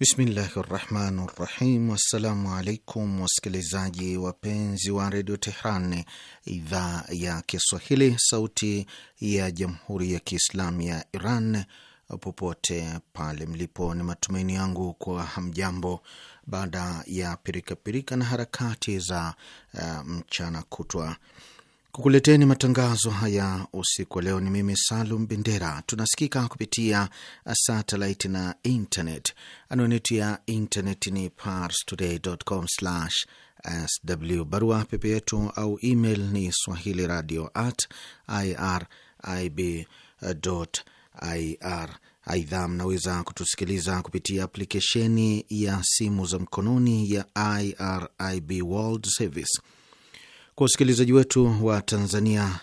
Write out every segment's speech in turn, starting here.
Bismillahi rahmani rahim. Wassalamu alaikum wasikilizaji wapenzi wa redio Tehran, idhaa ya Kiswahili, sauti ya jamhuri ya Kiislamu ya Iran, popote pale mlipo. Ni matumaini yangu kwa hamjambo baada ya pirikapirika pirika na harakati za uh, mchana kutwa kukuleteni matangazo haya usiku wa leo. Ni mimi Salum Bendera. Tunasikika kupitia satellite na internet. Anwani yetu ya internet ni parstoday.com/sw. Barua pepe yetu au email ni swahili radio at irib ir. Aidha, mnaweza kutusikiliza kupitia aplikesheni ya simu za mkononi ya IRIB World Service kwa usikilizaji wetu wa Tanzania,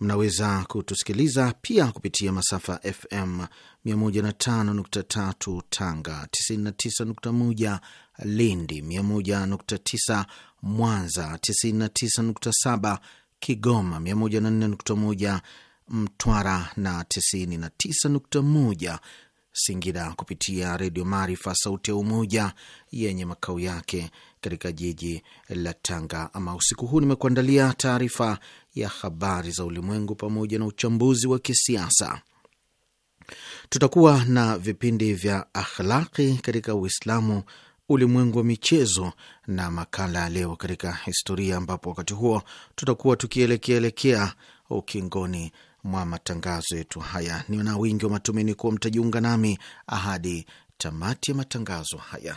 mnaweza kutusikiliza pia kupitia masafa FM 105.3 Tanga, 99.1 Lindi, 101.9 Mwanza, 99.7 Kigoma, 104.1 Mtwara na 99.1 Singida, kupitia Redio Maarifa Sauti ya Umoja yenye makao yake katika jiji la Tanga. Ama usiku huu nimekuandalia taarifa ya habari za ulimwengu pamoja na uchambuzi wa kisiasa. Tutakuwa na vipindi vya akhlaki katika Uislamu, ulimwengu wa michezo na makala ya leo katika historia, ambapo wakati huo tutakuwa tukielekeaelekea ukingoni mwa matangazo yetu haya. Ni na wingi wa matumaini kuwa mtajiunga nami ahadi tamati ya matangazo haya.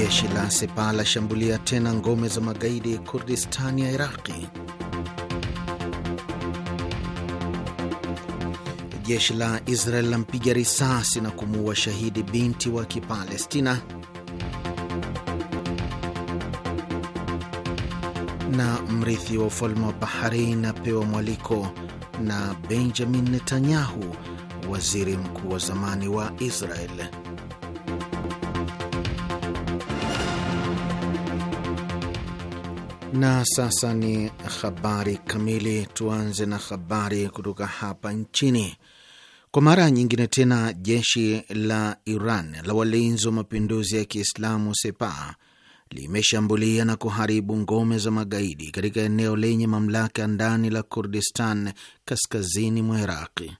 Jeshi la Sepa shambulia tena ngome za magaidi Kurdistani ya Iraqi. Jeshi la Israel lampiga risasi na kumuua shahidi binti wa Kipalestina. Na mrithi wa ufalme wa Bahrain apewa mwaliko na Benjamin Netanyahu, waziri mkuu wa zamani wa Israel. Na sasa ni habari kamili. Tuanze na habari kutoka hapa nchini. Kwa mara nyingine tena, jeshi la Iran la walinzi wa mapinduzi ya Kiislamu Sepah limeshambulia na kuharibu ngome za magaidi katika eneo lenye mamlaka ndani la Kurdistan kaskazini mwa Iraqi.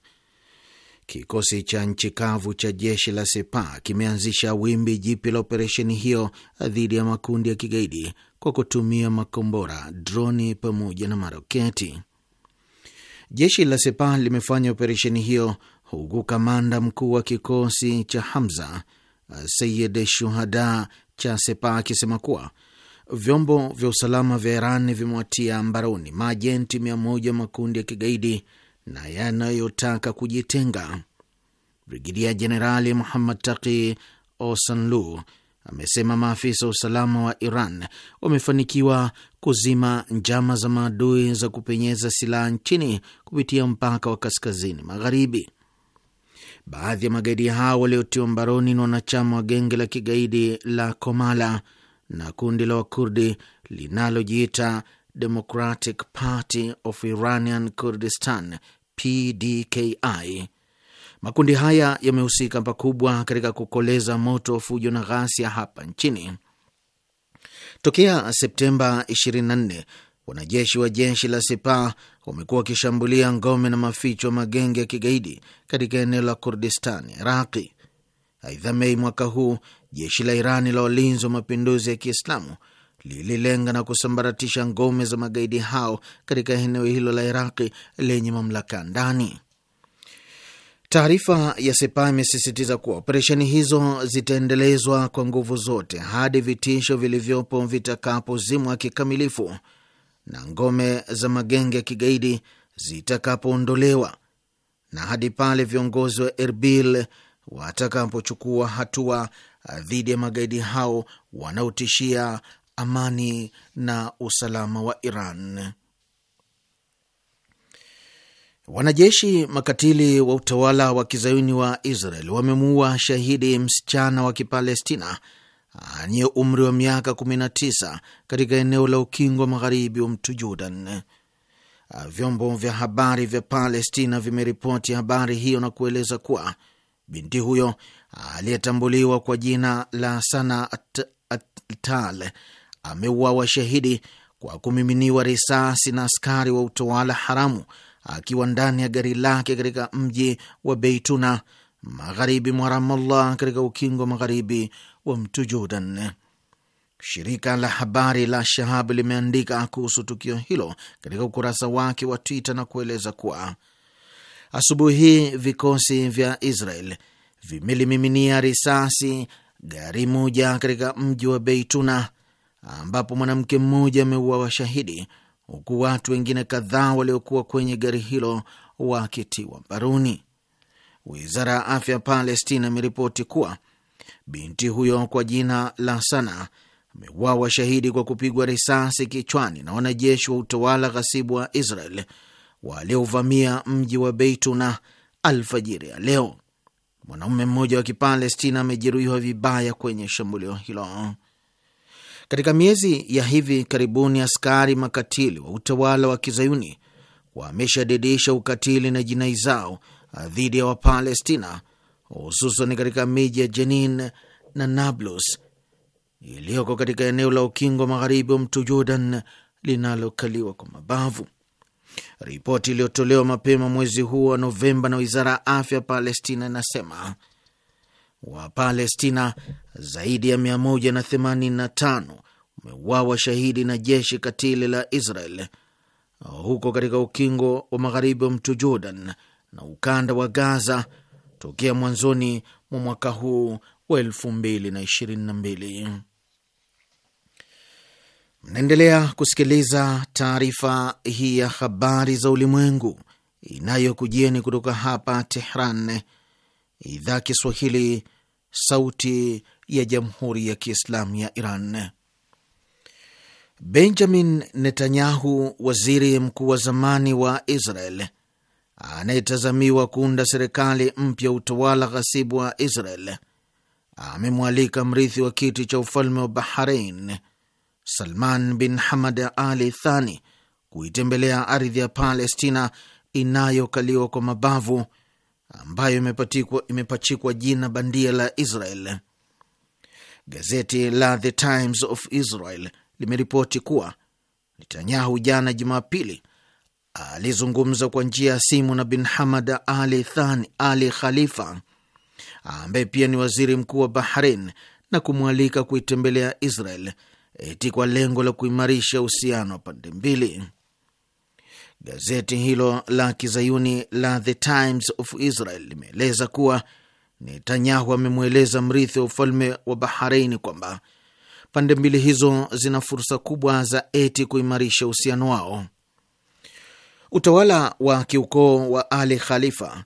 Kikosi cha nchi kavu cha jeshi la Sepah kimeanzisha wimbi jipya la operesheni hiyo dhidi ya makundi ya kigaidi kwa kutumia makombora, droni pamoja na maroketi. Jeshi la sepa limefanya operesheni hiyo huku kamanda mkuu wa kikosi cha Hamza Sayid Shuhada cha sepa akisema kuwa vyombo vya usalama vya Iran vimewatia mbaroni maajenti mia moja makundi ya kigaidi na yanayotaka kujitenga. Brigidia Jenerali Muhammad Taki Osanlu, amesema maafisa wa usalama wa Iran wamefanikiwa kuzima njama za maadui za kupenyeza silaha nchini kupitia mpaka wa kaskazini magharibi. Baadhi ya magaidi hao waliotiwa mbaroni ni wanachama wa genge la kigaidi la Komala na kundi la Wakurdi linalojiita Democratic Party of Iranian Kurdistan, PDKI. Makundi haya yamehusika pakubwa katika kukoleza moto fujo na ghasia hapa nchini. Tokea Septemba 24 wanajeshi wa jeshi la Sepa wamekuwa wakishambulia ngome na maficho magenge ya kigaidi katika eneo la Kurdistan Iraqi. Aidha, Mei mwaka huu jeshi la Irani la walinzi wa mapinduzi ya Kiislamu lililenga na kusambaratisha ngome za magaidi hao katika eneo hilo la Iraqi lenye mamlaka ndani. Taarifa ya Sepa imesisitiza kuwa operesheni hizo zitaendelezwa kwa nguvu zote hadi vitisho vilivyopo vitakapozimwa kikamilifu na ngome za magenge ya kigaidi zitakapoondolewa na hadi pale viongozi wa Erbil watakapochukua hatua dhidi ya magaidi hao wanaotishia amani na usalama wa Iran. Wanajeshi makatili wa utawala wa kizayuni wa Israel wamemuua shahidi msichana wa Kipalestina anye umri wa miaka 19 katika eneo la ukingo magharibi wa mto Jordan. Ah, vyombo vya habari vya Palestina vimeripoti habari hiyo na kueleza kuwa binti huyo aliyetambuliwa kwa jina la Sana Atal ameuawa shahidi kwa kumiminiwa risasi na askari wa utawala haramu akiwa ndani ya gari lake katika mji wa Beituna magharibi mwa Ramallah katika ukingo magharibi wa mtu Jordan. Shirika la habari la Shahab limeandika kuhusu tukio hilo katika ukurasa wake wa Twitter na kueleza kuwa asubuhi hii vikosi vya Israel vimelimiminia risasi gari moja katika mji wa Beituna ambapo mwanamke mmoja ameuawa shahidi huku watu wengine kadhaa waliokuwa kwenye gari hilo wakitiwa mbaroni. Wizara ya afya Palestina imeripoti kuwa binti huyo kwa jina la Sana ameuawa shahidi kwa kupigwa risasi kichwani na wanajeshi wa utawala ghasibu wa Israel waliovamia mji wa Beituna alfajiri ya leo. Mwanaume mmoja wa Kipalestina amejeruhiwa vibaya kwenye shambulio hilo. Katika miezi ya hivi karibuni, askari makatili wa utawala wa kizayuni wameshadidisha ukatili na jinai zao dhidi ya Wapalestina, hususan katika miji ya Jenin na Nablus iliyoko katika eneo la ukingo magharibi wa mto Jordan linalokaliwa kwa mabavu. Ripoti iliyotolewa mapema mwezi huu wa Novemba na wizara ya afya ya Palestina inasema Wapalestina zaidi ya 185 umeuawa shahidi na jeshi katili la Israel huko katika ukingo wa magharibi wa mto Jordan na ukanda wa Gaza tokea mwanzoni mwa mwaka huu wa 2022. Mnaendelea kusikiliza taarifa hii ya habari za ulimwengu inayokujieni kutoka hapa Tehran, idhaa Kiswahili, sauti ya jamhuri ya kiislamu ya Iran. Benjamin Netanyahu, waziri mkuu wa zamani wa Israel anayetazamiwa kuunda serikali mpya utawala ghasibu wa Israel, amemwalika mrithi wa kiti cha ufalme wa Bahrain Salman bin Hamad Ali Thani kuitembelea ardhi ya Palestina inayokaliwa kwa mabavu ambayo imepachikwa jina bandia la Israel. Gazeti la The Times of Israel limeripoti kuwa Netanyahu jana Jumapili alizungumza kwa njia ya simu na Bin Hamad Ali Thani Ali Khalifa ambaye pia ni waziri mkuu wa Bahrain na kumwalika kuitembelea Israel eti kwa lengo la kuimarisha uhusiano wa pande mbili. Gazeti hilo la kizayuni la The Times of Israel limeeleza kuwa Netanyahu amemweleza mrithi wa ufalme wa Bahrain kwamba pande mbili hizo zina fursa kubwa za eti kuimarisha uhusiano wao. Utawala wa kiukoo wa Ali Khalifa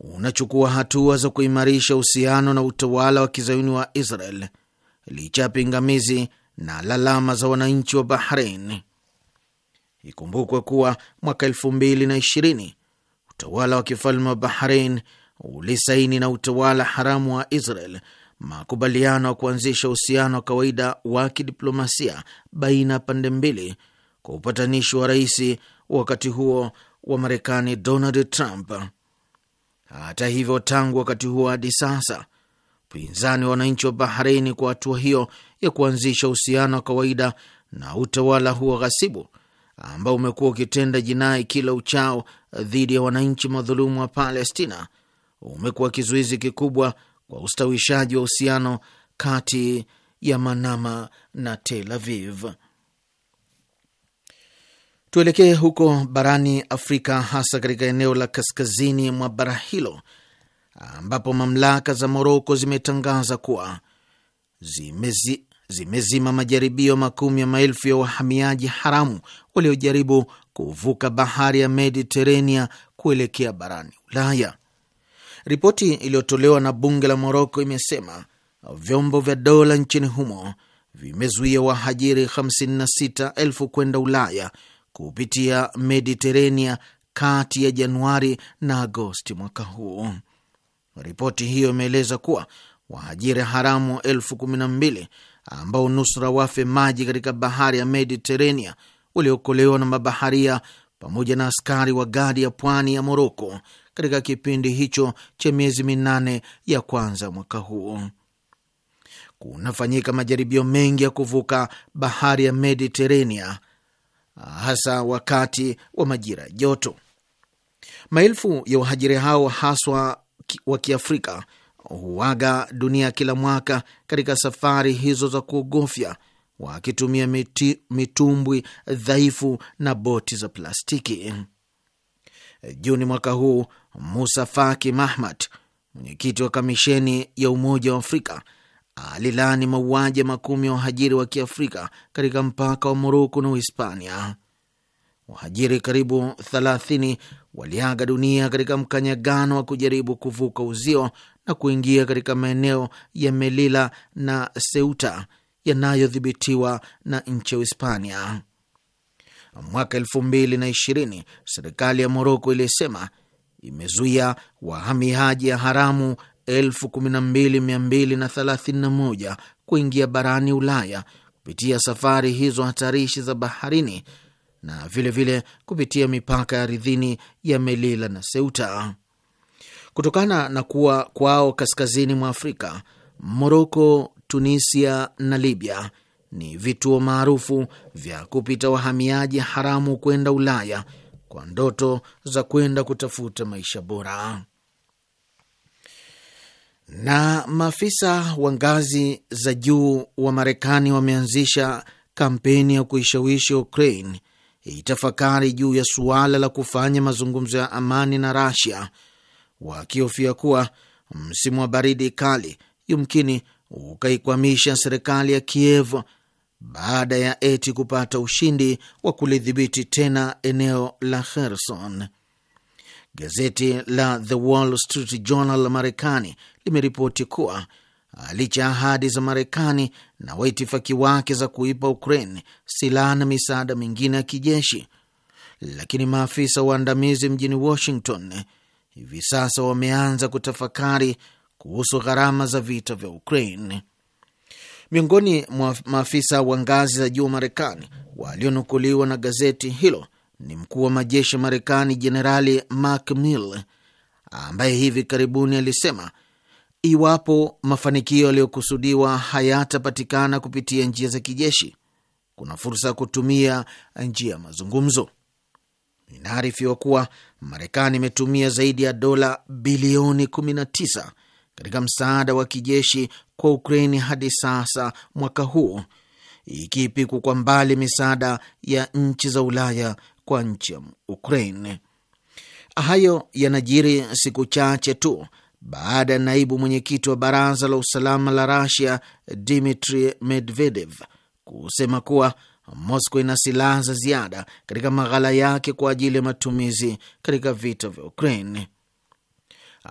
unachukua hatua za kuimarisha uhusiano na utawala wa kizayuni wa Israel licha ya pingamizi na lalama za wananchi wa Bahrain. Ikumbukwe kuwa mwaka elfu mbili na ishirini utawala wa kifalme wa Bahrain ulisaini na utawala haramu wa Israel makubaliano ya kuanzisha uhusiano wa kawaida wa kidiplomasia baina ya pande mbili kwa upatanishi wa rais wakati huo wa Marekani Donald Trump. Hata hivyo, tangu wakati huo hadi sasa upinzani wa wananchi wa Bahreini kwa hatua hiyo ya kuanzisha uhusiano wa kawaida na utawala huo ghasibu ambao umekuwa ukitenda jinai kila uchao dhidi ya wananchi madhulumu wa Palestina umekuwa kizuizi kikubwa kwa ustawishaji wa uhusiano kati ya Manama na Tel Aviv. Tuelekee huko barani Afrika, hasa katika eneo la kaskazini mwa bara hilo ambapo mamlaka za Moroko zimetangaza kuwa zimezi, zimezima majaribio makumi ya maelfu ya wahamiaji haramu waliojaribu kuvuka bahari ya Mediterania kuelekea barani Ulaya. Ripoti iliyotolewa na bunge la Moroko imesema vyombo vya dola nchini humo vimezuia wahajiri 56,000 kwenda Ulaya kupitia Mediterania kati ya Januari na Agosti mwaka huu. Ripoti hiyo imeeleza kuwa wahajiri haramu elfu kumi na mbili ambao nusra wafe maji katika bahari ya Mediterania waliokolewa na mabaharia pamoja na askari wa gadi ya pwani ya Moroko katika kipindi hicho cha miezi minane ya kwanza mwaka huu. Kunafanyika majaribio mengi ya kuvuka bahari ya Mediterania hasa wakati wa majira joto. Maelfu ya wahajiri hao haswa wa Kiafrika huaga dunia kila mwaka katika safari hizo za kuogofya wakitumia miti, mitumbwi dhaifu na boti za plastiki. Juni mwaka huu Musa Faki Mahamat, mwenyekiti wa kamisheni ya Umoja wa Afrika, alilaani mauaji ya makumi ya wahajiri wa Kiafrika katika mpaka wa Moroko na Uhispania. Wahajiri karibu 30 waliaga dunia katika mkanyagano wa kujaribu kuvuka uzio na kuingia katika maeneo ya melila na Ceuta yanayodhibitiwa na nchi ya Uhispania. Mwaka elfu mbili na ishirini serikali ya Moroko ilisema imezuia wahamiaji ya haramu elfu kumi na mbili mia mbili na thelathini na moja kuingia barani Ulaya kupitia safari hizo hatarishi za baharini na vilevile vile kupitia mipaka ya ardhini ya Melila na Seuta kutokana na kuwa kwao kaskazini mwa Afrika. Moroko, Tunisia na Libya ni vituo maarufu vya kupita wahamiaji haramu kwenda Ulaya kwa ndoto za kwenda kutafuta maisha bora. Na maafisa wa ngazi za juu wa Marekani wameanzisha kampeni ya kuishawishi Ukraine itafakari juu ya suala la kufanya mazungumzo ya amani na Russia wakihofia kuwa msimu wa baridi kali yumkini ukaikwamisha serikali ya Kiev baada ya eti kupata ushindi wa kulidhibiti tena eneo la Kherson. Gazeti la The Wall Street Journal la Marekani limeripoti kuwa licha ya ahadi za Marekani na waitifaki wake za kuipa Ukraine silaha na misaada mingine ya kijeshi, lakini maafisa waandamizi mjini Washington hivi sasa wameanza kutafakari kuhusu gharama za vita vya Ukraine. Miongoni mwa maafisa wa ngazi za juu wa Marekani walionukuliwa na gazeti hilo ni mkuu wa majeshi ya Marekani Jenerali Mark Mill ambaye hivi karibuni alisema iwapo mafanikio yaliyokusudiwa hayatapatikana kupitia njia za kijeshi, kuna fursa ya kutumia njia ya mazungumzo. Inaarifiwa kuwa Marekani imetumia zaidi ya dola bilioni 19 katika msaada wa kijeshi kwa Ukraini hadi sasa mwaka huu, ikiipikwa kwa mbali misaada ya nchi za Ulaya kwa nchi ya Ukraine. Hayo yanajiri siku chache tu baada ya naibu mwenyekiti wa baraza la usalama la Rasia Dmitri Medvedev kusema kuwa Moscow ina silaha za ziada katika maghala yake kwa ajili ya matumizi katika vita vya Ukraine.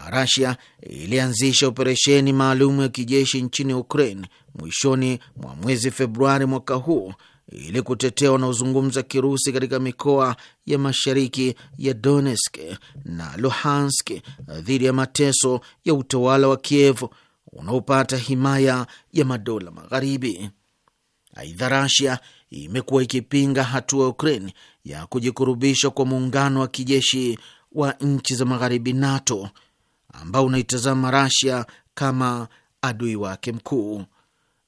Rasia ilianzisha operesheni maalum ya kijeshi nchini Ukraine mwishoni mwa mwezi Februari mwaka huu ili kutetea wanaozungumza Kirusi katika mikoa ya mashariki ya Donetsk na Luhansk dhidi ya mateso ya utawala wa Kiev unaopata himaya ya madola magharibi. Aidha, Rasia imekuwa ikipinga hatua ya Ukraine ya kujikurubisha kwa muungano wa kijeshi wa nchi za magharibi NATO ambao unaitazama Rasia kama adui wake mkuu.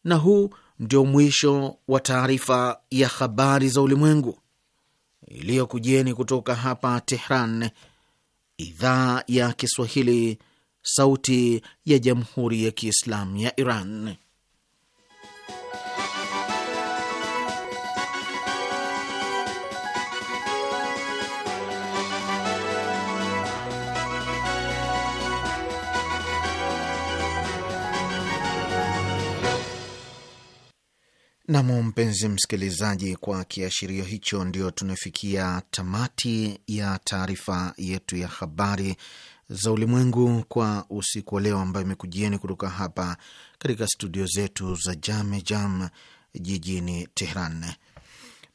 Na huu ndio mwisho wa taarifa ya habari za ulimwengu iliyokujieni kutoka hapa Tehran, idhaa ya Kiswahili, sauti ya jamhuri ya kiislamu ya Iran. Nam, mpenzi msikilizaji, kwa kiashirio hicho ndio tunafikia tamati ya taarifa yetu ya habari za ulimwengu kwa usiku wa leo, ambayo imekujieni kutoka hapa katika studio zetu za Jame Jam jijini Tehran.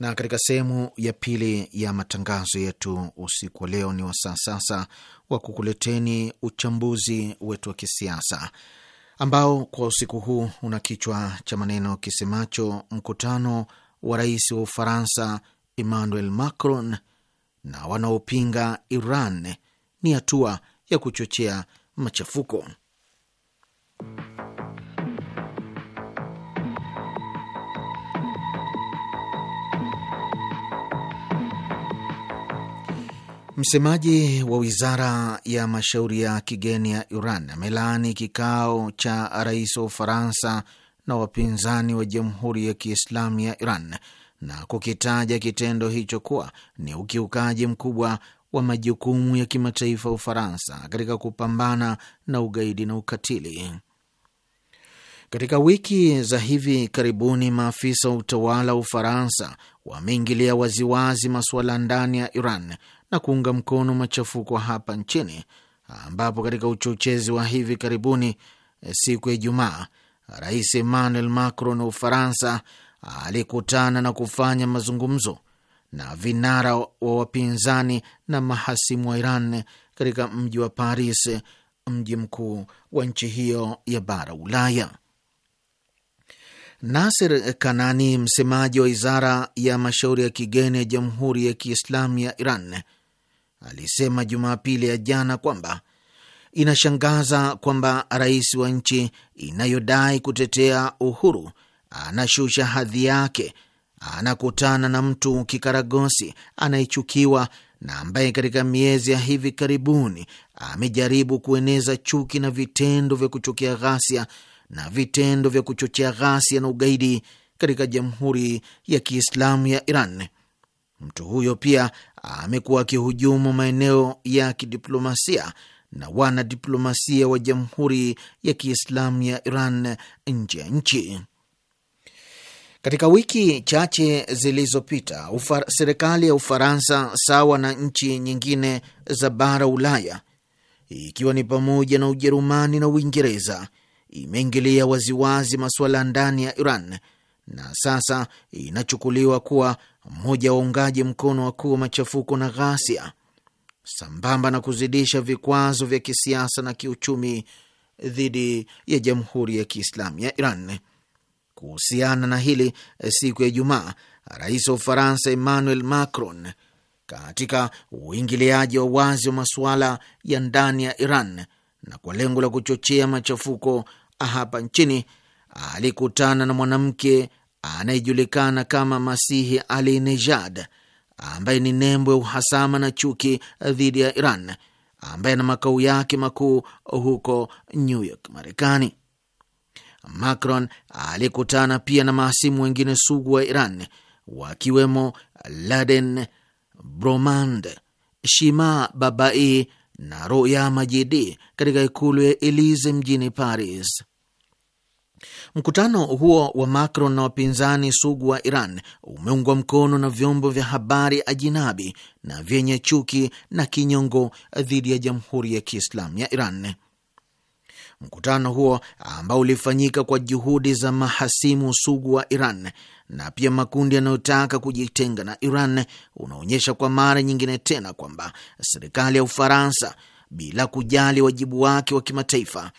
Na katika sehemu ya pili ya matangazo yetu usiku wa leo, ni wasaa sasa wa kukuleteni uchambuzi wetu wa kisiasa ambao kwa usiku huu una kichwa cha maneno kisemacho mkutano wa rais wa Ufaransa Emmanuel Macron na wanaopinga Iran ni hatua ya kuchochea machafuko. Msemaji wa wizara ya mashauri ya kigeni ya Iran amelaani kikao cha rais wa Ufaransa na wapinzani wa Jamhuri ya Kiislamu ya Iran na kukitaja kitendo hicho kuwa ni ukiukaji mkubwa wa majukumu ya kimataifa ya Ufaransa katika kupambana na ugaidi na ukatili. Katika wiki za hivi karibuni, maafisa wa utawala wa Ufaransa wameingilia waziwazi masuala ndani ya Iran na kuunga mkono machafuko hapa nchini, ambapo katika uchochezi wa hivi karibuni eh, siku ya Ijumaa, Rais Emmanuel Macron wa Ufaransa alikutana na kufanya mazungumzo na vinara wa wapinzani na mahasimu wa Iran katika mji wa Paris, mji mkuu wa nchi hiyo ya bara Ulaya. Nasir Kanani, msemaji wa wizara ya mashauri ya kigeni ya Jamhuri ya Kiislamu ya Iran, alisema Jumapili ya jana kwamba inashangaza kwamba rais wa nchi inayodai kutetea uhuru anashusha hadhi yake, anakutana na mtu kikaragosi anayechukiwa na ambaye katika miezi ya hivi karibuni amejaribu kueneza chuki na vitendo vya kuchochea ghasia na vitendo vya kuchochea ghasia na ugaidi katika Jamhuri ya Kiislamu ya Iran. Mtu huyo pia amekuwa akihujumu maeneo ya kidiplomasia na wanadiplomasia wa Jamhuri ya Kiislamu ya Iran nje ya nchi. Katika wiki chache zilizopita, serikali ya Ufaransa sawa na nchi nyingine za bara Ulaya, ikiwa ni pamoja na Ujerumani na Uingereza, imeingilia waziwazi masuala ndani ya Iran na sasa inachukuliwa kuwa mmoja wa waungaji mkono wakuu wa machafuko na ghasia, sambamba na kuzidisha vikwazo vya kisiasa na kiuchumi dhidi ya Jamhuri ya Kiislamu ya Iran. Kuhusiana na hili, siku ya Ijumaa, rais wa Ufaransa Emmanuel Macron, katika uingiliaji wa wazi wa masuala ya ndani ya Iran na kwa lengo la kuchochea machafuko hapa nchini, alikutana na mwanamke anayejulikana kama Masihi Ali Nejad, ambaye ni nembo ya uhasama na chuki dhidi ya Iran, ambaye ana makao yake makuu huko New York, Marekani. Macron alikutana pia na mahasimu wengine sugu wa Iran, wakiwemo Laden Bromand, Shima Babai na Roya Majidi katika ikulu ya Elize mjini Paris. Mkutano huo wa Macron na wapinzani sugu wa Iran umeungwa mkono na vyombo vya habari ajinabi na vyenye chuki na kinyongo dhidi ya Jamhuri ya Kiislamu ya Iran. Mkutano huo ambao ulifanyika kwa juhudi za mahasimu sugu wa Iran na pia makundi yanayotaka kujitenga na Iran unaonyesha kwa mara nyingine tena kwamba serikali ya Ufaransa, bila kujali wajibu wake wa kimataifa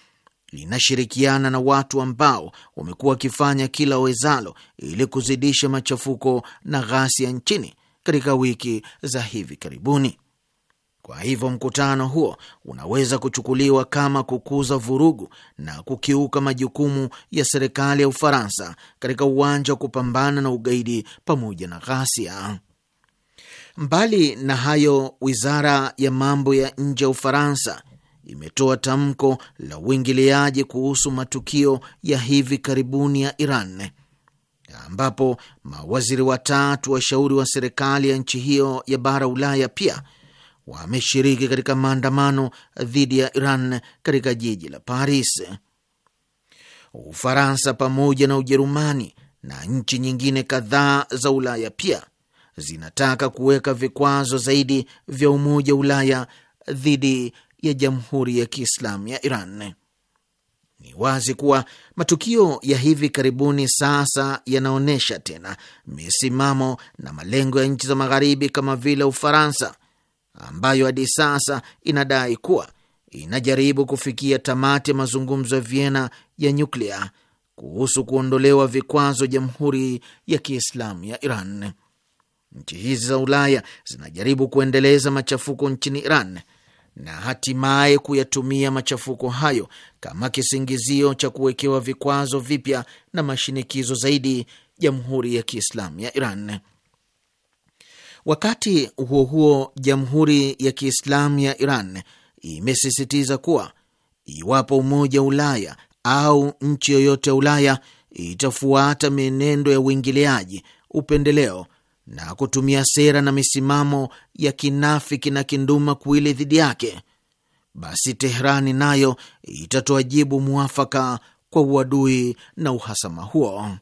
linashirikiana na watu ambao wamekuwa wakifanya kila wezalo ili kuzidisha machafuko na ghasia nchini katika wiki za hivi karibuni. Kwa hivyo mkutano huo unaweza kuchukuliwa kama kukuza vurugu na kukiuka majukumu ya serikali ya Ufaransa katika uwanja wa kupambana na ugaidi pamoja na ghasia. Mbali na hayo, wizara ya mambo ya nje ya Ufaransa imetoa tamko la uingiliaji kuhusu matukio ya hivi karibuni ya Iran ambapo mawaziri watatu washauri wa serikali ya nchi hiyo ya bara Ulaya pia wameshiriki katika maandamano dhidi ya Iran katika jiji la Paris. Ufaransa pamoja na Ujerumani na nchi nyingine kadhaa za Ulaya pia zinataka kuweka vikwazo zaidi vya Umoja wa Ulaya dhidi ya Jamhuri ya Kiislamu ya Iran. Ni wazi kuwa matukio ya hivi karibuni sasa yanaonyesha tena misimamo na malengo ya nchi za Magharibi kama vile Ufaransa, ambayo hadi sasa inadai kuwa inajaribu kufikia tamati ya mazungumzo ya Vienna ya nyuklia kuhusu kuondolewa vikwazo Jamhuri ya Kiislamu ya Iran. Nchi hizi za Ulaya zinajaribu kuendeleza machafuko nchini Iran na hatimaye kuyatumia machafuko hayo kama kisingizio cha kuwekewa vikwazo vipya na mashinikizo zaidi Jamhuri ya Kiislamu ya Iran. Wakati huo huo, Jamhuri ya Kiislamu ya Iran imesisitiza kuwa iwapo Umoja wa Ulaya au nchi yoyote ya Ulaya itafuata mienendo ya uingiliaji, upendeleo na kutumia sera na misimamo ya kinafiki na kinduma kuili dhidi yake, basi Teherani nayo itatoa jibu mwafaka kwa uadui na uhasama huo.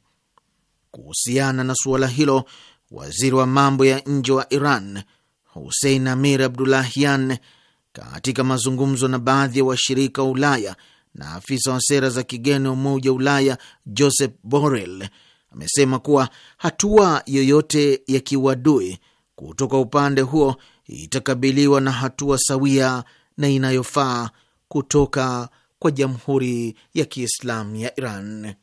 Kuhusiana na suala hilo, waziri wa mambo ya nje wa Iran Husein Amir Abdulahian, katika mazungumzo na baadhi ya wa washirika wa Ulaya na afisa wa sera za kigeni wa Umoja wa Ulaya Joseph Borrell amesema kuwa hatua yoyote ya kiuadui kutoka upande huo itakabiliwa na hatua sawia na inayofaa kutoka kwa Jamhuri ya Kiislamu ya Iran.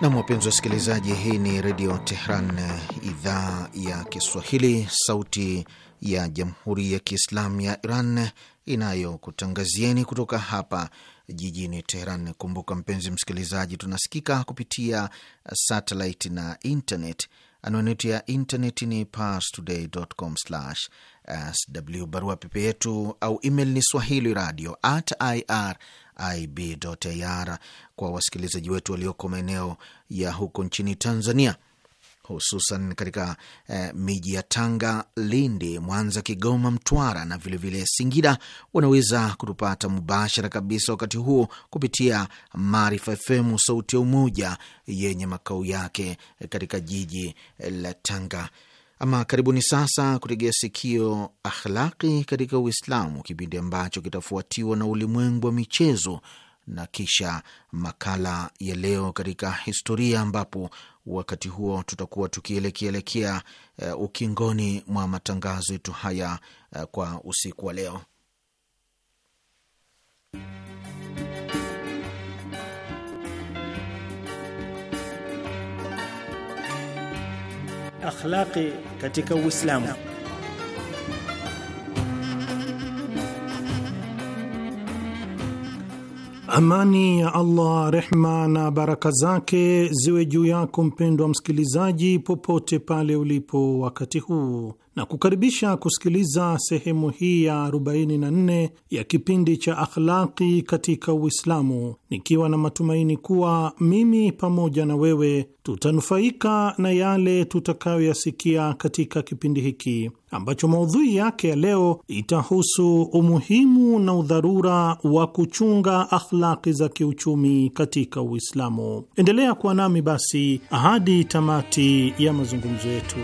Nam, wapenzi wasikilizaji, hii ni Redio Tehran, idhaa ya Kiswahili, sauti ya Jamhuri ya Kiislamu ya Iran inayokutangazieni kutoka hapa jijini Teheran. Kumbuka mpenzi msikilizaji, tunasikika kupitia satellite na internet. Anwani yetu ya internet ni parstoday.com/sw. Barua pepe yetu au email ni swahili radio at irib.ir. Kwa wasikilizaji wetu walioko maeneo ya huko nchini Tanzania hususan katika eh, miji ya Tanga, Lindi, Mwanza, Kigoma, Mtwara na vilevile vile Singida, wanaweza kutupata mubashara kabisa wakati huo kupitia Maarifa FM sauti ya Umoja yenye makao yake katika jiji eh, la Tanga. Ama karibuni sasa kutegea sikio Akhlaqi katika Uislamu, kipindi ambacho kitafuatiwa na ulimwengu wa michezo na kisha makala ya leo katika historia ambapo Wakati huo tutakuwa tukielekielekea uh, eh, ukingoni mwa matangazo yetu haya uh, kwa usiku wa leo. Akhlaqi katika Uislamu. Amani ya Allah, rehma na baraka zake ziwe juu yako mpendwa msikilizaji, popote pale ulipo wakati huu na kukaribisha kusikiliza sehemu hii ya 44 ya kipindi cha Akhlaqi katika Uislamu, nikiwa na matumaini kuwa mimi pamoja na wewe tutanufaika na yale tutakayoyasikia katika kipindi hiki ambacho maudhui yake ya leo itahusu umuhimu na udharura wa kuchunga akhlaqi za kiuchumi katika Uislamu. Endelea kuwa nami basi hadi tamati ya mazungumzo yetu.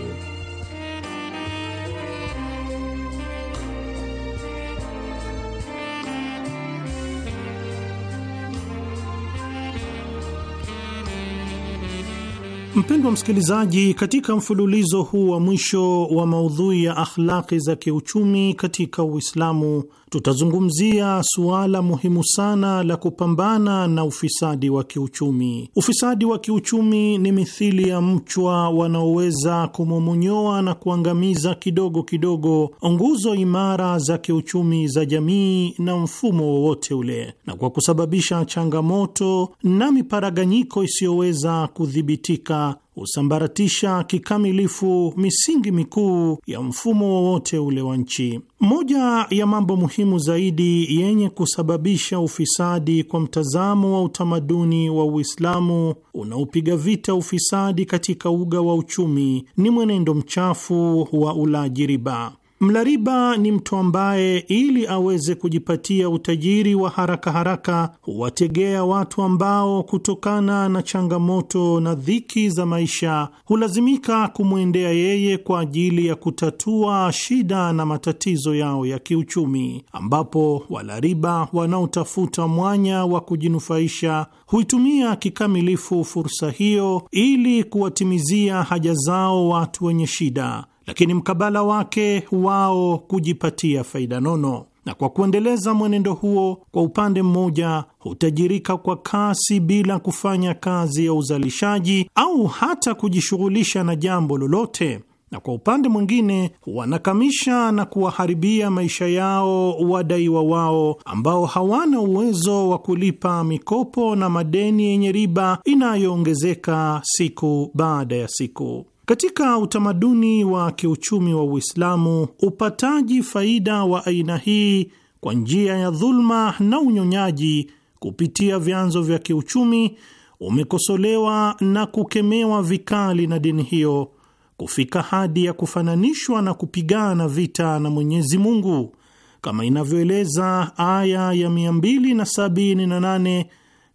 Mpendwa msikilizaji, katika mfululizo huu wa mwisho wa maudhui ya akhlaqi za kiuchumi katika Uislamu tutazungumzia suala muhimu sana la kupambana na ufisadi wa kiuchumi. Ufisadi wa kiuchumi ni mithili ya mchwa wanaoweza kumomonyoa na kuangamiza kidogo kidogo nguzo imara za kiuchumi za jamii na mfumo wowote ule, na kwa kusababisha changamoto na miparaganyiko isiyoweza kudhibitika husambaratisha kikamilifu misingi mikuu ya mfumo wowote ule wa nchi. Moja ya mambo muhimu zaidi yenye kusababisha ufisadi kwa mtazamo wa utamaduni wa Uislamu unaopiga vita ufisadi katika uga wa uchumi ni mwenendo mchafu wa ulaji riba mlariba ni mtu ambaye ili aweze kujipatia utajiri wa haraka haraka huwategea watu ambao kutokana na changamoto na dhiki za maisha hulazimika kumwendea yeye kwa ajili ya kutatua shida na matatizo yao ya kiuchumi, ambapo walariba wanaotafuta mwanya wa kujinufaisha huitumia kikamilifu fursa hiyo ili kuwatimizia haja zao watu wenye shida lakini mkabala wake wao kujipatia faida nono, na kwa kuendeleza mwenendo huo, kwa upande mmoja hutajirika kwa kasi bila kufanya kazi ya uzalishaji au hata kujishughulisha na jambo lolote, na kwa upande mwingine huwanakamisha na kuwaharibia maisha yao wadaiwa wao ambao hawana uwezo wa kulipa mikopo na madeni yenye riba inayoongezeka siku baada ya siku. Katika utamaduni wa kiuchumi wa Uislamu, upataji faida wa aina hii kwa njia ya dhulma na unyonyaji kupitia vyanzo vya kiuchumi umekosolewa na kukemewa vikali na dini hiyo kufika hadi ya kufananishwa na kupigana vita na Mwenyezi Mungu kama inavyoeleza aya ya 278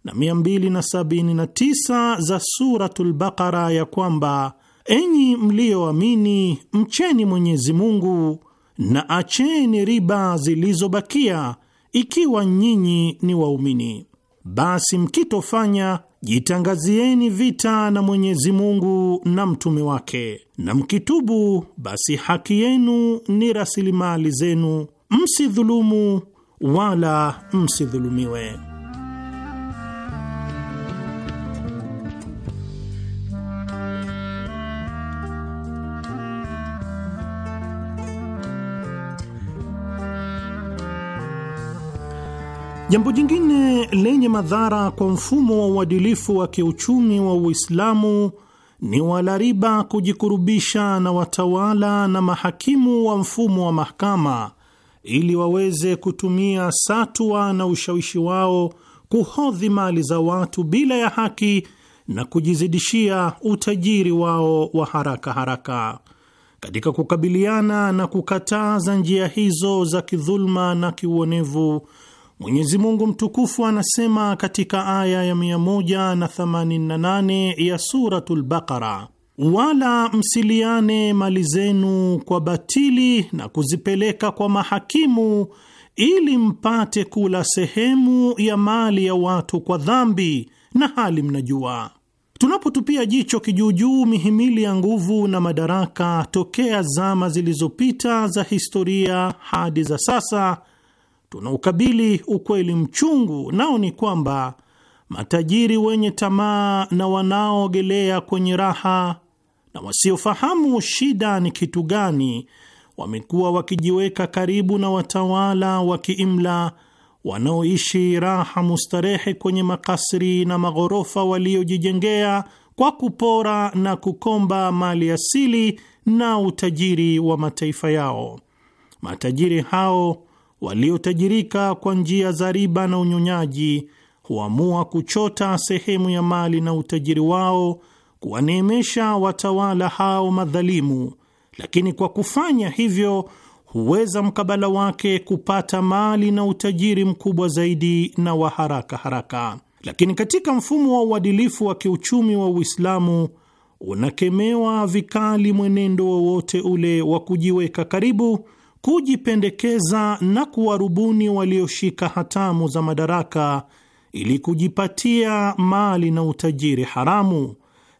na 279 za Suratul Baqara ya kwamba Enyi mliyoamini, mcheni Mwenyezi Mungu na acheni riba zilizobakia, ikiwa nyinyi ni waumini. Basi mkitofanya, jitangazieni vita na Mwenyezi Mungu na mtume wake, na mkitubu, basi haki yenu ni rasilimali zenu, msidhulumu wala msidhulumiwe. Jambo jingine lenye madhara kwa mfumo wa uadilifu wa kiuchumi wa Uislamu ni walariba kujikurubisha na watawala na mahakimu wa mfumo wa mahakama ili waweze kutumia satwa na ushawishi wao kuhodhi mali za watu bila ya haki na kujizidishia utajiri wao wa haraka haraka. Katika kukabiliana na kukataza njia hizo za kidhuluma na kiuonevu Mwenyezi Mungu mtukufu anasema katika aya ya 188 ya Suratul Baqara, wala msiliane mali zenu kwa batili na kuzipeleka kwa mahakimu ili mpate kula sehemu ya mali ya watu kwa dhambi na hali mnajua. Tunapotupia jicho kijuujuu mihimili ya nguvu na madaraka tokea zama zilizopita za historia hadi za sasa tunaukabili ukweli mchungu, nao ni kwamba matajiri wenye tamaa na wanaoogelea kwenye raha na wasiofahamu shida ni kitu gani, wamekuwa wakijiweka karibu na watawala wa kiimla wanaoishi raha mustarehe kwenye makasri na maghorofa waliojijengea kwa kupora na kukomba mali asili na utajiri wa mataifa yao. Matajiri hao waliotajirika kwa njia za riba na unyonyaji huamua kuchota sehemu ya mali na utajiri wao kuwaneemesha watawala hao madhalimu, lakini kwa kufanya hivyo huweza mkabala wake kupata mali na utajiri mkubwa zaidi na wa haraka haraka. Lakini katika mfumo wa uadilifu wa kiuchumi wa Uislamu unakemewa vikali mwenendo wowote ule wa kujiweka karibu kujipendekeza na kuwarubuni walioshika hatamu za madaraka ili kujipatia mali na utajiri haramu,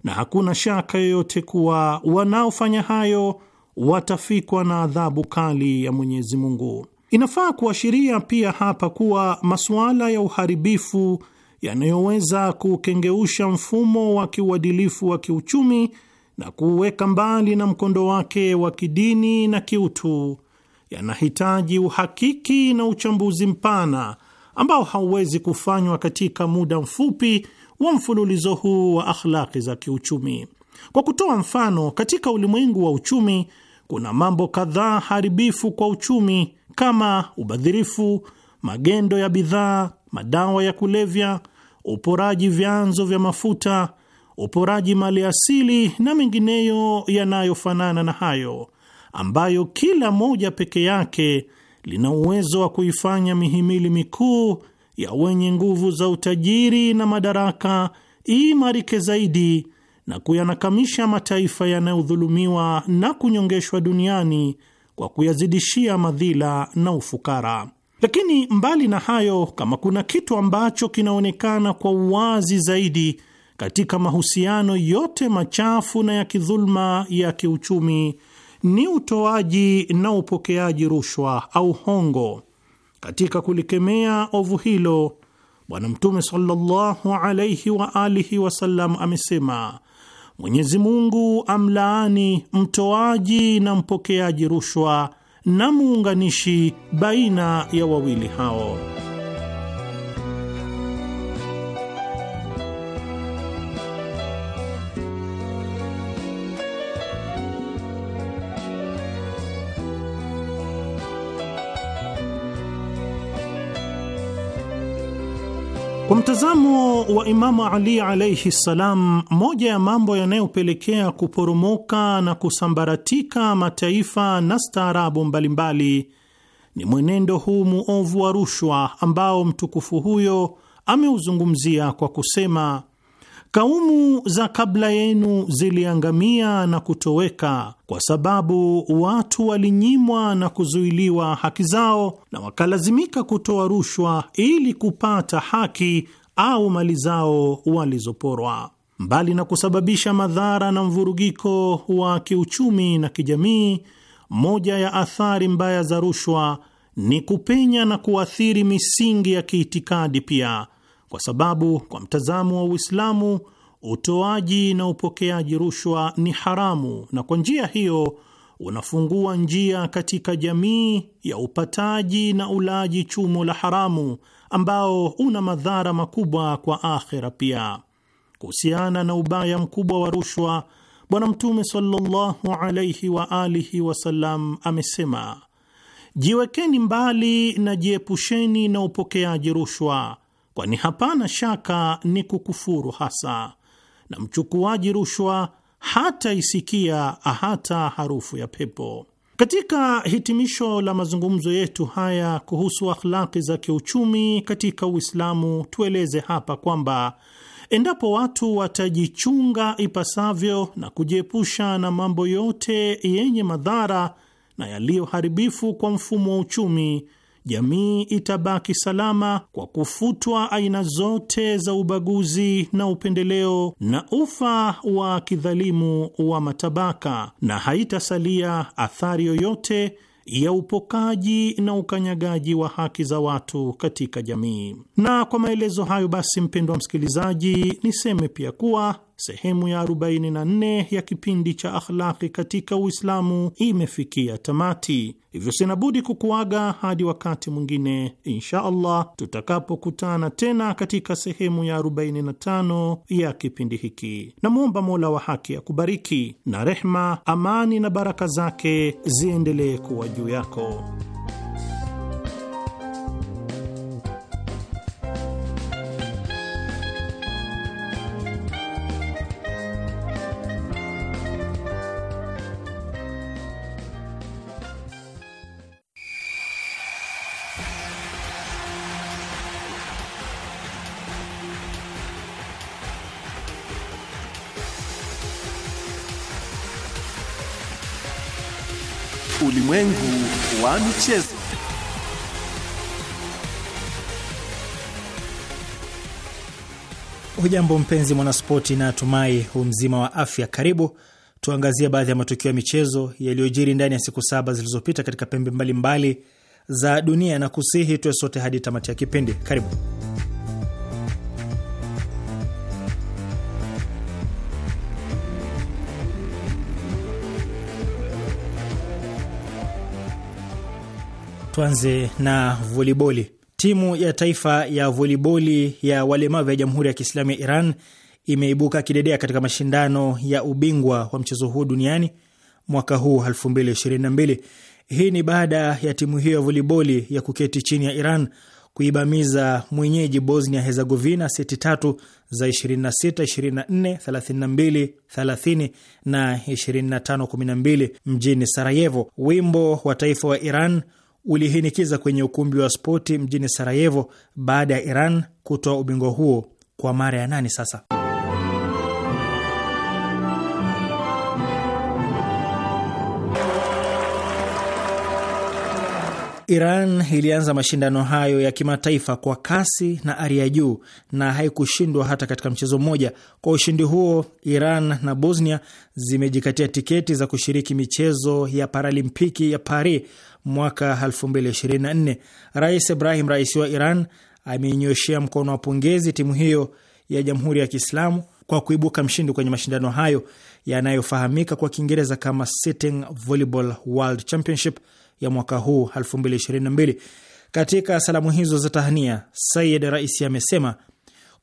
na hakuna shaka yoyote kuwa wanaofanya hayo watafikwa na adhabu kali ya Mwenyezi Mungu. Inafaa kuashiria pia hapa kuwa masuala ya uharibifu yanayoweza kukengeusha mfumo wa kiuadilifu wa kiuchumi na kuuweka mbali na mkondo wake wa kidini na kiutu yanahitaji uhakiki na uchambuzi mpana ambao hauwezi kufanywa katika muda mfupi wa mfululizo huu wa akhlaki za kiuchumi. Kwa kutoa mfano, katika ulimwengu wa uchumi kuna mambo kadhaa haribifu kwa uchumi kama ubadhirifu, magendo ya bidhaa, madawa ya kulevya, uporaji vyanzo vya mafuta, uporaji mali asili na mengineyo yanayofanana na hayo ambayo kila moja peke yake lina uwezo wa kuifanya mihimili mikuu ya wenye nguvu za utajiri na madaraka iimarike zaidi na kuyanakamisha mataifa yanayodhulumiwa na kunyongeshwa duniani kwa kuyazidishia madhila na ufukara. Lakini mbali na hayo, kama kuna kitu ambacho kinaonekana kwa uwazi zaidi katika mahusiano yote machafu na ya kidhuluma ya kiuchumi ni utoaji na upokeaji rushwa au hongo. Katika kulikemea ovu hilo, Bwana Mtume sallallahu alaihi wa alihi wasallam amesema, Mwenyezi Mungu amlaani mtoaji na mpokeaji rushwa na muunganishi baina ya wawili hao. Kwa mtazamo wa Imamu Ali alaihi ssalam, moja ya mambo yanayopelekea kuporomoka na kusambaratika mataifa na staarabu mbalimbali ni mwenendo huu muovu wa rushwa ambao mtukufu huyo ameuzungumzia kwa kusema Kaumu za kabla yenu ziliangamia na kutoweka kwa sababu watu walinyimwa na kuzuiliwa haki zao na wakalazimika kutoa rushwa ili kupata haki au mali zao walizoporwa. Mbali na kusababisha madhara na mvurugiko wa kiuchumi na kijamii, moja ya athari mbaya za rushwa ni kupenya na kuathiri misingi ya kiitikadi pia kwa sababu kwa mtazamo wa Uislamu utoaji na upokeaji rushwa ni haramu, na kwa njia hiyo unafungua njia katika jamii ya upataji na ulaji chumo la haramu ambao una madhara makubwa kwa akhera pia. Kuhusiana na ubaya mkubwa wa rushwa, Bwana Mtume sallallahu alaihi wa alihi wasallam amesema, jiwekeni mbali na jiepusheni na upokeaji rushwa kwani hapana shaka ni kukufuru hasa, na mchukuaji rushwa hata isikia hata harufu ya pepo. Katika hitimisho la mazungumzo yetu haya kuhusu akhlaki za kiuchumi katika Uislamu, tueleze hapa kwamba endapo watu watajichunga ipasavyo na kujiepusha na mambo yote yenye madhara na yaliyoharibifu kwa mfumo wa uchumi jamii itabaki salama kwa kufutwa aina zote za ubaguzi na upendeleo na ufa wa kidhalimu wa matabaka, na haitasalia athari yoyote ya upokaji na ukanyagaji wa haki za watu katika jamii. Na kwa maelezo hayo basi, mpendwa msikilizaji, niseme pia kuwa sehemu ya 44 ya kipindi cha Akhlaqi katika Uislamu imefikia tamati. Hivyo sina budi kukuaga hadi wakati mwingine insha Allah, tutakapokutana tena katika sehemu ya 45 ya kipindi hiki. Namwomba Mola wa haki akubariki, na rehma, amani na baraka zake ziendelee kuwa juu yako. ulimwengu wa michezo. Hujambo mpenzi mwanaspoti, na tumai hu mzima wa afya. Karibu tuangazie baadhi ya matukio ya michezo yaliyojiri ndani ya siku saba zilizopita katika pembe mbalimbali mbali za dunia, na kusihi tuwe sote hadi tamati ya kipindi. Karibu. Tuanze na voliboli. Timu ya taifa ya voliboli ya walemavu ya Jamhuri ya Kiislamu ya Iran imeibuka kidedea katika mashindano ya ubingwa wa mchezo huu duniani mwaka huu 2022. Hii ni baada ya timu hiyo ya voliboli ya kuketi chini ya Iran kuibamiza mwenyeji Bosnia Herzegovina seti tatu za 26 24 32 30 na 25 12 mjini Sarajevo. Wimbo wa taifa wa Iran ulihinikiza kwenye ukumbi wa spoti mjini Sarajevo baada ya Iran kutoa ubingwa huo kwa mara ya nane sasa. Iran ilianza mashindano hayo ya kimataifa kwa kasi na ari ya juu na haikushindwa hata katika mchezo mmoja. Kwa ushindi huo, Iran na Bosnia zimejikatia tiketi za kushiriki michezo ya Paralimpiki ya Paris mwaka 2024. Rais Ibrahim Raisi wa Iran ameinyoshea mkono wa pongezi timu hiyo ya Jamhuri ya Kiislamu kwa kuibuka mshindi kwenye mashindano hayo yanayofahamika kwa Kiingereza kama Sitting Volleyball World Championship ya mwaka huu 2022. Katika salamu hizo za tahania, Sayid Rais amesema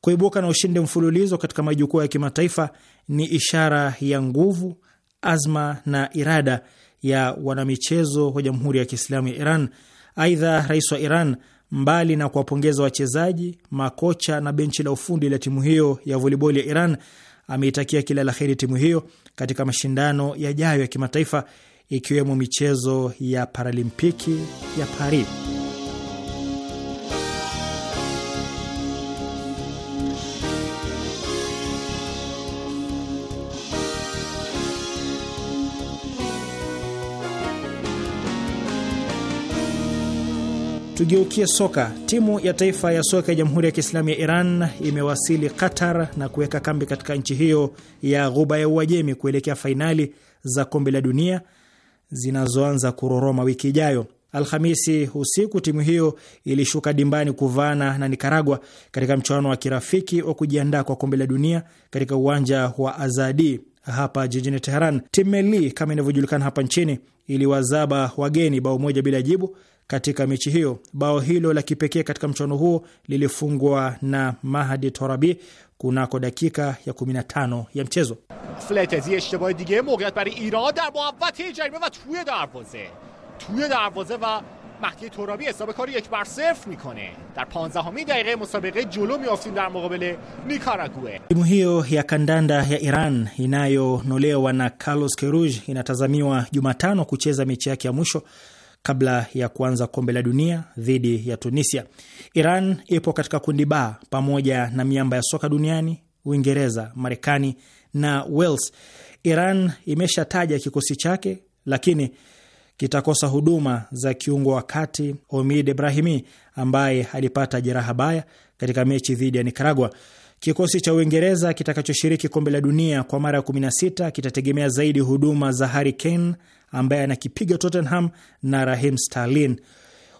kuibuka na ushindi mfululizo katika majukwaa ya kimataifa ni ishara ya nguvu, azma na irada ya wanamichezo wa Jamhuri ya Kiislamu ya Iran. Aidha, rais wa Iran mbali na kuwapongeza wachezaji, makocha na benchi la ufundi la timu hiyo ya voliboli ya Iran ameitakia kila la heri timu hiyo katika mashindano yajayo ya kimataifa ikiwemo michezo ya Paralimpiki ya Paris. Tugeukie soka. Timu ya taifa ya soka ya Jamhuri ya Kiislamu ya Iran imewasili Qatar na kuweka kambi katika nchi hiyo ya Ghuba ya Uajemi kuelekea fainali za Kombe la Dunia zinazoanza kuroroma wiki ijayo. Alhamisi usiku timu hiyo ilishuka dimbani kuvaana na Nikaragua katika mchuano wa kirafiki wa kujiandaa kwa kombe la dunia katika uwanja wa Azadi hapa jijini Teheran. Timu Meli kama inavyojulikana hapa nchini iliwazaba wageni bao moja bila jibu katika mechi hiyo. Bao hilo la kipekee katika mchuano huo lilifungwa na Mahadi Torabi kunako dakika ya 15 ya mchezo. دیگه موقعیت برای ایران در محوطه جریمه و توی دروازه توی دروازه و مهدی ترابی حساب کاری یک بر میکنه در 15 دقیقه مسابقه جلو میافتیم در مقابل نیکاراگوه timu hiyo ya kandanda ya Iran inayonolewa na Carlos Keruj inatazamiwa Jumatano kucheza mechi yake ya mwisho kabla ya kuanza kombe la dunia dhidi ya Tunisia. Iran ipo katika kundi ba pamoja na miamba ya soka duniani Uingereza, Marekani na Wales. Iran imeshataja kikosi chake, lakini kitakosa huduma za kiungo wa kati Omid Ibrahimi ambaye alipata jeraha baya katika mechi dhidi ya Nikaragua. Kikosi cha Uingereza kitakachoshiriki kombe la dunia kwa mara ya 16 kitategemea zaidi huduma za Harry Kane ambaye anakipiga Tottenham na Raheem Sterling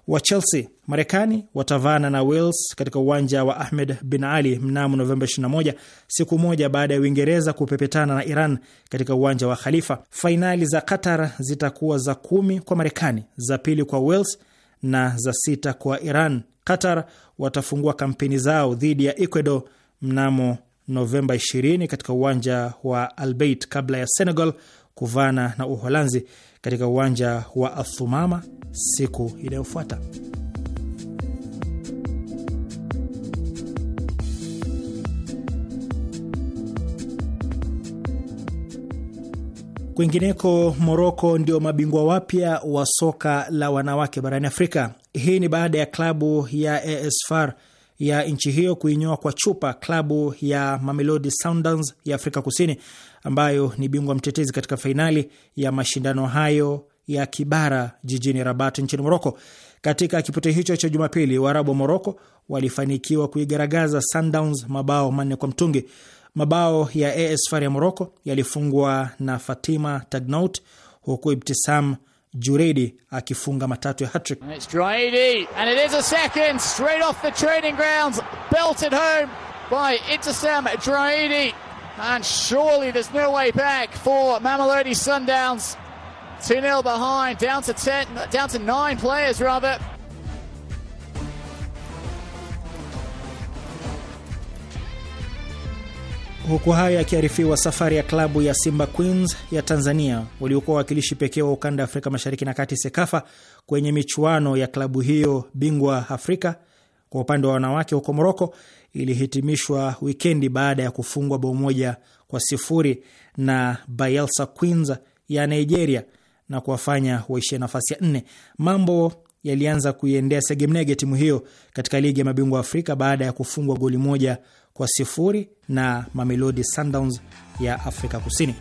wa Chelsea. Marekani watavaana na Wales katika uwanja wa Ahmed Bin Ali mnamo Novemba 21, siku moja baada ya Uingereza kupepetana na Iran katika uwanja wa Khalifa. Fainali za Qatar zitakuwa za kumi kwa Marekani, za pili kwa Wales na za sita kwa Iran. Qatar watafungua kampeni zao dhidi ya Ecuador mnamo Novemba 20 katika uwanja wa Albeit kabla ya Senegal kuvana na Uholanzi katika uwanja wa Athumama siku inayofuata. Kwingineko, Moroko ndio mabingwa wapya wa soka la wanawake barani Afrika. Hii ni baada ya klabu ya AS FAR ya nchi hiyo kuinyoa kwa chupa klabu ya Mamelodi Sundowns ya Afrika Kusini ambayo ni bingwa mtetezi katika fainali ya mashindano hayo ya kibara jijini Rabat nchini Moroko. Katika kipute hicho cha Jumapili, Waarabu wa Moroko walifanikiwa kuigaragaza Sundowns mabao manne kwa mtungi. Mabao ya AS FAR ya Moroko yalifungwa na Fatima Tagnout huku Ibtisam Juredi akifunga matatu ya hattrick. And surely there's no way back for Mamelodi Sundowns. 2 0 behind, down to 10, down to 9 players rather. Huku haya akiarifiwa safari ya klabu ya Simba Queens ya Tanzania, waliokuwa wakilishi pekee wa ukanda wa Afrika Mashariki na Kati, SEKAFA, kwenye michuano ya klabu hiyo bingwa Afrika kwa upande wa wanawake huko Moroko ilihitimishwa wikendi baada ya kufungwa bao moja kwa sifuri na Bayelsa Queens ya Nigeria na kuwafanya waishie nafasi ya nne. Mambo yalianza kuiendea segemnege timu hiyo katika ligi ya mabingwa Afrika baada ya kufungwa goli moja kwa sifuri na Mamelodi Sundowns ya Afrika Kusini.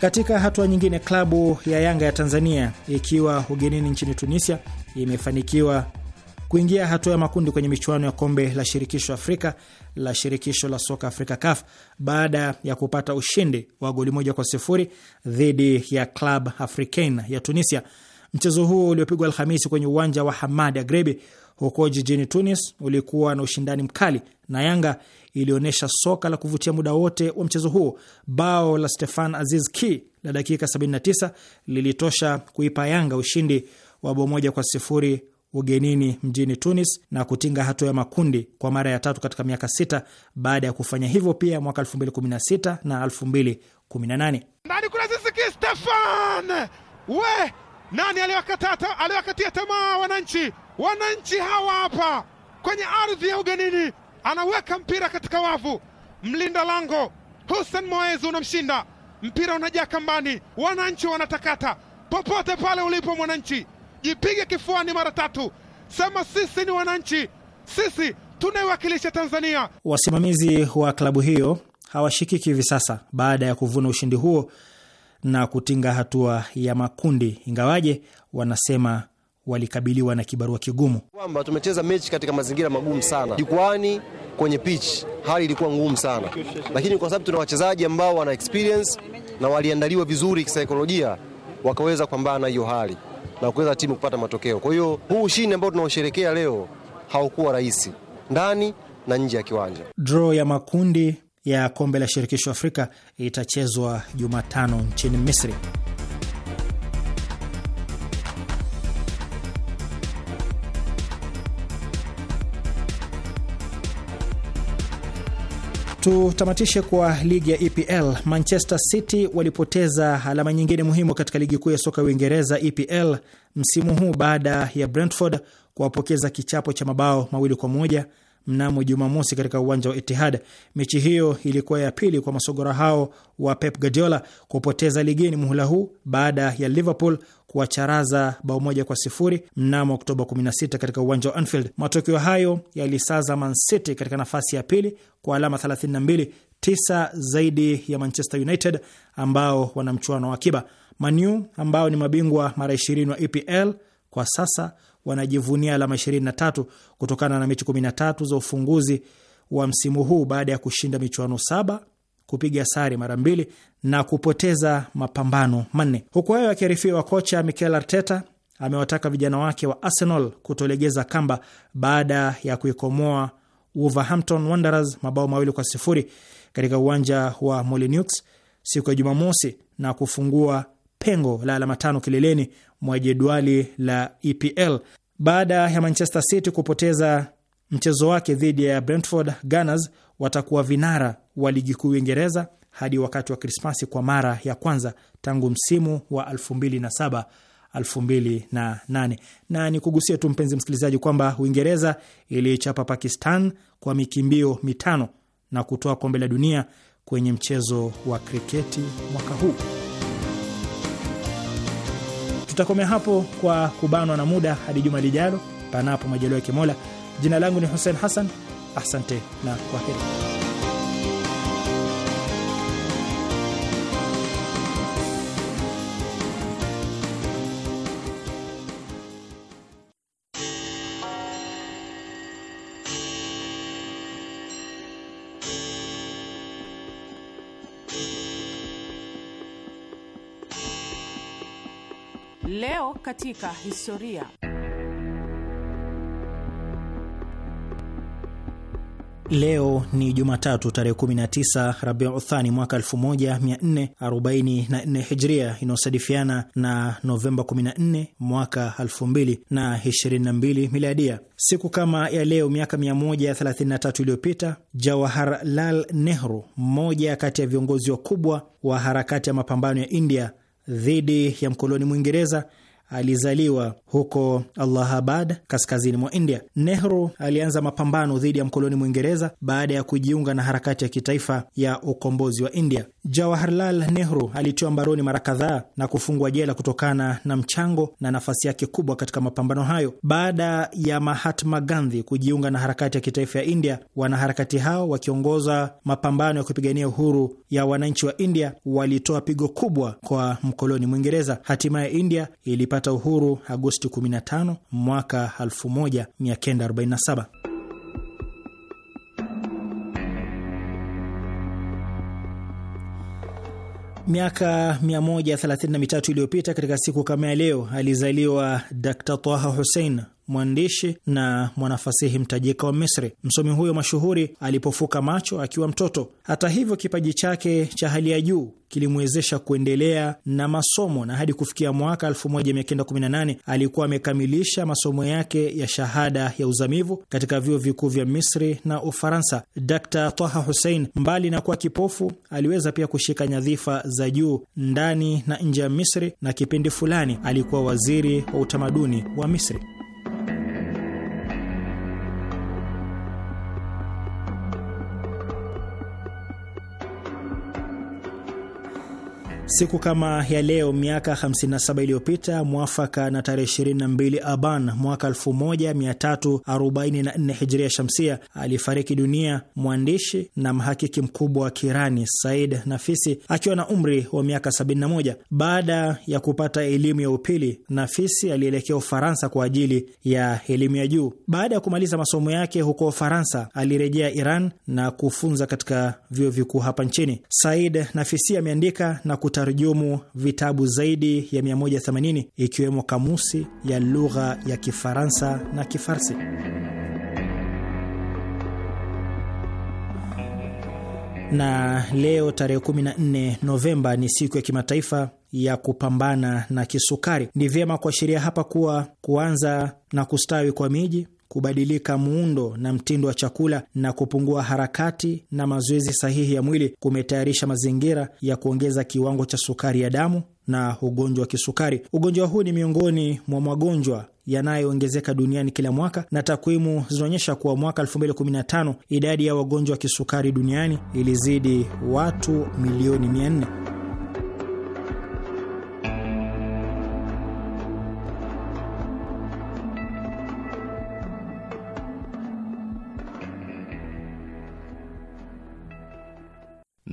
Katika hatua nyingine, klabu ya Yanga ya Tanzania ikiwa ugenini nchini Tunisia imefanikiwa kuingia hatua ya makundi kwenye michuano ya kombe la shirikisho Afrika la shirikisho la soka Afrika CAF baada ya kupata ushindi wa goli moja kwa sifuri dhidi ya Club Africain ya Tunisia. Mchezo huo uliopigwa Alhamisi kwenye uwanja wa Hamad Agrebi huko jijini Tunis ulikuwa na ushindani mkali na Yanga ilionyesha soka la kuvutia muda wote wa mchezo huo. Bao la Stefan Aziz Ki la dakika 79 lilitosha kuipa Yanga ushindi wa bao moja kwa sifuri ugenini mjini Tunis na kutinga hatua ya makundi kwa mara ya tatu katika miaka sita baada ya kufanya hivyo pia mwaka 2016 na 2018. Ndani kuna Ziziki Stefan we nani aliwakatia tamaa wananchi? Wananchi hawa hapa kwenye ardhi ya ugenini anaweka mpira katika wavu, mlinda lango Hussein Moez unamshinda mpira, unajaa kambani, wananchi wanatakata. Popote pale ulipo mwananchi, jipige kifuani mara tatu, sema sisi ni wananchi, sisi tunaiwakilisha Tanzania. Wasimamizi wa klabu hiyo hawashikiki hivi sasa baada ya kuvuna ushindi huo na kutinga hatua ya makundi, ingawaje wanasema walikabiliwa na kibarua kigumu, kwamba tumecheza mechi katika mazingira magumu sana jukwani, kwenye pitch hali ilikuwa ngumu sana, lakini kwa sababu tuna wachezaji ambao wana experience na waliandaliwa vizuri kisaikolojia, wakaweza kupambana na hiyo hali na kuweza timu kupata matokeo. Kwa hiyo huu ushindi ambao tunaosherekea leo haukuwa rahisi ndani na nje ya kiwanja. Draw ya makundi ya kombe la shirikisho Afrika itachezwa Jumatano nchini Misri. Tutamatishe kwa ligi ya EPL. Manchester City walipoteza alama nyingine muhimu katika ligi kuu ya soka ya Uingereza, EPL, msimu huu baada ya Brentford kuwapokeza kichapo cha mabao mawili kwa moja mnamo Jumamosi katika uwanja wa Itihad. Mechi hiyo ilikuwa ya pili kwa masogora hao wa Pep Guardiola kupoteza ligeni muhula huu baada ya Liverpool kuwacharaza bao moja kwa sifuri mnamo Oktoba 16 katika uwanja wa Anfield. Matokeo hayo yalisaza Man City katika nafasi ya pili kwa alama 32, tisa zaidi ya Manchester United ambao wana mchuano wa akiba. Manu ambao ni mabingwa mara 20 wa EPL kwa sasa wanajivunia alama 23 kutokana na mechi 13 za ufunguzi wa msimu huu baada ya kushinda michuano saba kupiga sare mara mbili na kupoteza mapambano manne. Huku hayo akiarifiwa, kocha Mikel Arteta amewataka vijana wake wa Arsenal kutolegeza kamba baada ya kuikomoa Wolverhampton Wanderers mabao mawili kwa sifuri katika uwanja wa Molineux siku ya Jumamosi na kufungua pengo la alama tano kileleni mwa jedwali la EPL baada ya Manchester City kupoteza mchezo wake dhidi ya Brentford, Gunners watakuwa vinara wa ligi kuu Uingereza hadi wakati wa Krismasi kwa mara ya kwanza tangu msimu wa 2007 2008. Na ni kugusia tu mpenzi msikilizaji, kwamba Uingereza iliichapa Pakistan kwa mikimbio mitano na kutoa kombe la dunia kwenye mchezo wa kriketi mwaka huu. Tutakomea hapo kwa kubanwa na muda hadi juma lijalo, panapo majaliwa ya Kimola. Jina langu ni Hussein Hassan, asante na kwaheri. katika historia. Leo ni Jumatatu tarehe 19 Rabiu Uthani mwaka 1444 Hijria, inayosadifiana na Novemba 14 mwaka 2022 Miladia. Siku kama ya leo miaka 133 iliyopita, jawahar lal Nehru, mmoja kati ya viongozi wakubwa wa harakati ya mapambano ya India dhidi ya mkoloni Mwingereza alizaliwa huko Allahabad, kaskazini mwa India. Nehru alianza mapambano dhidi ya mkoloni Mwingereza baada ya kujiunga na harakati ya kitaifa ya ukombozi wa India. Jawaharlal Nehru alitiwa mbaroni mara kadhaa na kufungwa jela kutokana na mchango na nafasi yake kubwa katika mapambano hayo. Baada ya Mahatma Gandhi kujiunga na harakati ya kitaifa ya India, wanaharakati hao wakiongoza mapambano ya kupigania uhuru ya wananchi wa India walitoa pigo kubwa kwa mkoloni Mwingereza. Hatimaye India ilipa ilipata uhuru Agosti 15 mwaka 1947. Miaka 133 iliyopita katika siku kama ya leo alizaliwa Dr Taha Hussein, mwandishi na mwanafasihi mtajika wa Misri. Msomi huyo mashuhuri alipofuka macho akiwa mtoto. Hata hivyo, kipaji chake cha hali ya juu kilimwezesha kuendelea na masomo na hadi kufikia mwaka 1918 alikuwa amekamilisha masomo yake ya shahada ya uzamivu katika vyuo vikuu vya Misri na Ufaransa. Dr Taha Hussein, mbali na kuwa kipofu, aliweza pia kushika nyadhifa za juu ndani na nje ya Misri, na kipindi fulani alikuwa waziri wa utamaduni wa Misri. Thank you. Siku kama ya leo miaka 57 iliyopita mwafaka na tarehe 22 Aban mwaka 1344 Hijria Shamsia, alifariki dunia mwandishi na mhakiki mkubwa wa Kirani Said Nafisi akiwa na umri wa miaka 71. Baada ya kupata elimu ya upili, Nafisi alielekea Ufaransa kwa ajili ya elimu ya juu. Baada ya kumaliza masomo yake huko Ufaransa, alirejea Iran na kufunza katika vyuo vikuu hapa nchini. Said Nafisi ameandika na kutarujumu vitabu zaidi ya 180 ikiwemo kamusi ya lugha ya Kifaransa na Kifarsi. Na leo tarehe 14 Novemba ni siku ya kimataifa ya kupambana na kisukari. Ni vyema kuashiria hapa kuwa kuanza na kustawi kwa miji kubadilika muundo na mtindo wa chakula na kupungua harakati na mazoezi sahihi ya mwili kumetayarisha mazingira ya kuongeza kiwango cha sukari ya damu na ugonjwa wa kisukari. Ugonjwa huu ni miongoni mwa magonjwa yanayoongezeka duniani kila mwaka, na takwimu zinaonyesha kuwa mwaka 2015 idadi ya wagonjwa wa kisukari duniani ilizidi watu milioni 400.